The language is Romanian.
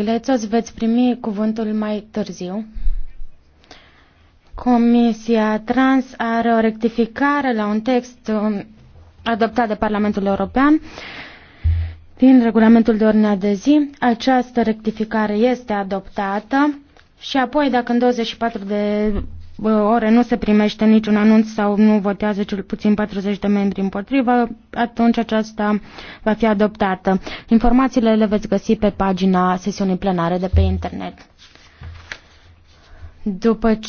Glețos, veți primi cuvântul mai târziu. Comisia Trans are o rectificare la un text um, adoptat de Parlamentul European din regulamentul de ordine de zi. Această rectificare este adoptată și apoi, dacă în 24 de ore nu se primește niciun anunț sau nu votează cel puțin 40 de membri împotrivă, atunci aceasta va fi adoptată. Informațiile le veți găsi pe pagina sesiunii plenare de pe internet. După ce